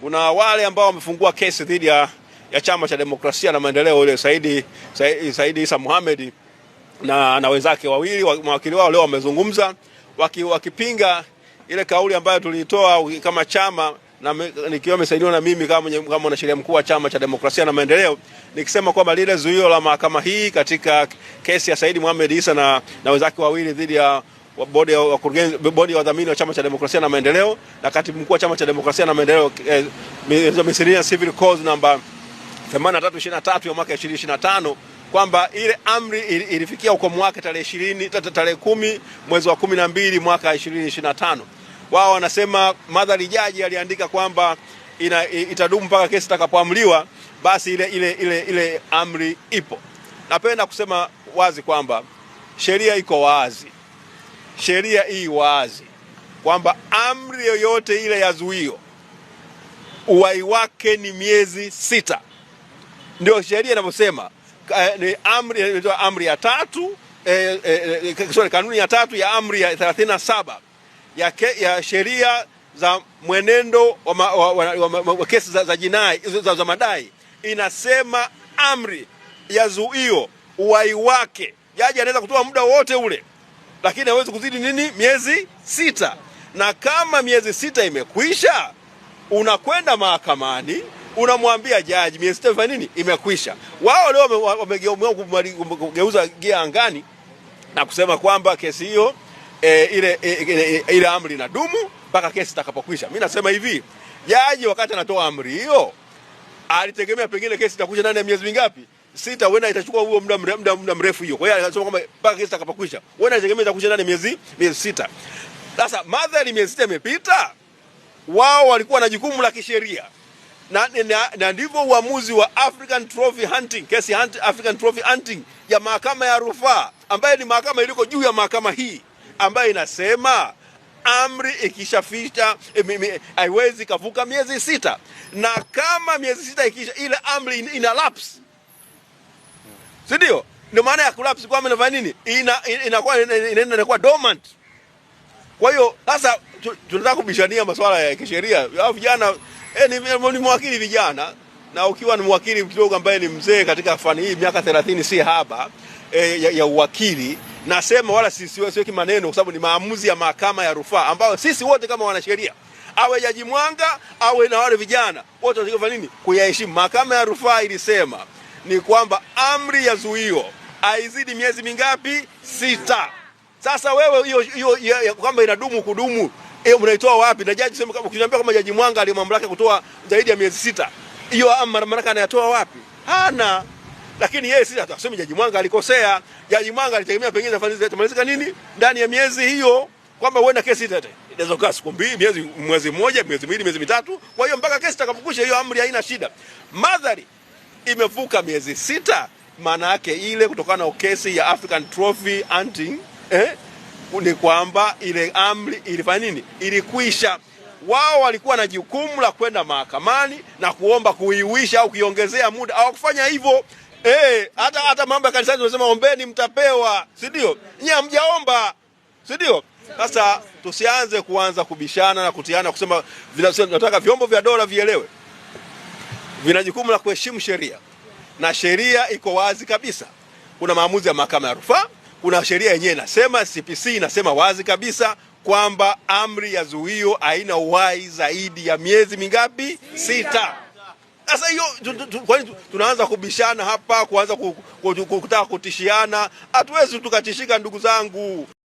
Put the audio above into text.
Kuna wale ambao wamefungua kesi dhidi ya, ya chama cha demokrasia na maendeleo ile Saidi, Saidi, Saidi Isa Mohamed na, na wenzake wawili mawakili wao leo wamezungumza waki, wakipinga ile kauli ambayo tuliitoa kama chama na nikiwa nimesaidiwa na mimi kama kama mwanasheria mkuu wa chama cha demokrasia na maendeleo nikisema kwamba lile zuio la mahakama hii katika kesi ya Saidi Mohamed Isa na, na wenzake wawili dhidi ya bodi ya bodi ya wadhamini wa chama cha demokrasia na maendeleo na katibu mkuu wa chama cha demokrasia na maendeleo eh, Miscellaneous Civil Code namba 8323 ya mwaka 2025 kwamba ile amri ilifikia ukomo wake tarehe 20 tarehe 10 mwezi wa 12 mwaka 2025. Wao wanasema madhari jaji aliandika kwamba ina, itadumu mpaka kesi itakapoamliwa, basi ile, ile, ile, ile amri ipo. Napenda kusema wazi kwamba sheria iko wazi sheria hii wazi kwamba amri yoyote ile ya zuio uwai wake ni miezi sita. Ndio sheria inavyosema. Eh, ni amri eh, amri ya tatu eh, eh, eh, sorry, kanuni ya tatu ya amri ya 37 ya, ya sheria za mwenendo wa, ma, wa, wa, wa, wa, wa kesi za, za jinai za, za madai inasema amri ya zuio uwai wake, jaji anaweza kutoa muda wote ule lakini hawezi kuzidi nini, miezi sita. Na kama miezi sita imekwisha, unakwenda mahakamani unamwambia jaji miezi sita imefanya nini, imekwisha. Wao leo wamegeuza gia angani na kusema kwamba kesi hiyo e, ile, e, ile, e, e, ile amri dumu mpaka kesi itakapokwisha. Mimi nasema hivi, jaji wakati anatoa amri hiyo alitegemea pengine kesi itakwisha ndani ya miezi mingapi? sita wenda itachukua huo muda muda muda mrefu hiyo. Kwa hiyo anasema kwamba mpaka kesi itakapokwisha wenda itegemea itakwisha ndani miezi miezi sita. Sasa madha ni miezi sita imepita, wao walikuwa na jukumu la kisheria na, na, na ndivyo uamuzi wa African Trophy Hunting kesi hunt, African Trophy Hunting ya mahakama ya rufaa ambayo ni mahakama iliko juu ya mahakama hii ambayo inasema amri ikishafika eh, haiwezi kavuka miezi sita, na kama miezi sita ikisha ile amri inalapse in si ndio? Ndio maana ya collapse kwa kwamba nafanya nini, ina inakuwa inakuwa dormant. Kwa hiyo sasa tunataka kubishania masuala ya kisheria. Hao vijana eh, ni mwakili vijana, na ukiwa ni mwakili kidogo ambaye ni mzee katika fani hii, miaka 30 si haba e, ya, ya uwakili nasema wala siweki maneno kwa sababu ni maamuzi ya mahakama ya rufaa ambayo sisi wote kama wanasheria awe Jaji Mwanga awe na wale vijana wote wanatakiwa nini, kuyaheshimu. Mahakama ya rufaa ilisema ni kwamba amri ya zuio haizidi miezi mingapi? Sita. Sasa wewe hiyo hiyo kwamba inadumu kudumu hiyo mnaitoa wapi? Na jaji sema, ukiniambia kama jaji Mwanga ali mamlaka kutoa zaidi ya miezi sita, hiyo mamlaka anayatoa wapi? Hana. Lakini yeye sisi atasema jaji Mwanga alikosea. Jaji Mwanga alitegemea pengine itamalizika nini ndani ya miezi hiyo, kwamba huenda kesi tete inaweza kukaa siku mbili, miezi, mwezi mmoja, miezi miwili, miezi mitatu. Kwa hiyo mpaka kesi takapukusha hiyo amri haina shida. Madhari imevuka miezi sita, maana yake ile kutokana na kesi ya African Trophy hunting eh, ni kwamba ile amri ilifanya nini? Ilikwisha. Wao walikuwa na jukumu la kwenda mahakamani na kuomba kuiwisha au kuiongezea muda, hawakufanya hivyo. Eh, hata hata mambo ya kanisani tunasema ombeni mtapewa, si ndio? Nyinyi hamjaomba, si ndio? Sasa tusianze kuanza kubishana na kutiana kusema, nataka vyombo vya dola vielewe vina jukumu la kuheshimu sheria na sheria iko wazi kabisa. Kuna maamuzi ya mahakama ya rufaa, kuna sheria yenyewe inasema, CPC inasema wazi kabisa kwamba amri ya zuio haina uhai zaidi ya miezi mingapi? Sita. Sasa hiyo tunaanza kubishana hapa, kuanza kutaka kutishiana? Hatuwezi tukatishika, ndugu zangu.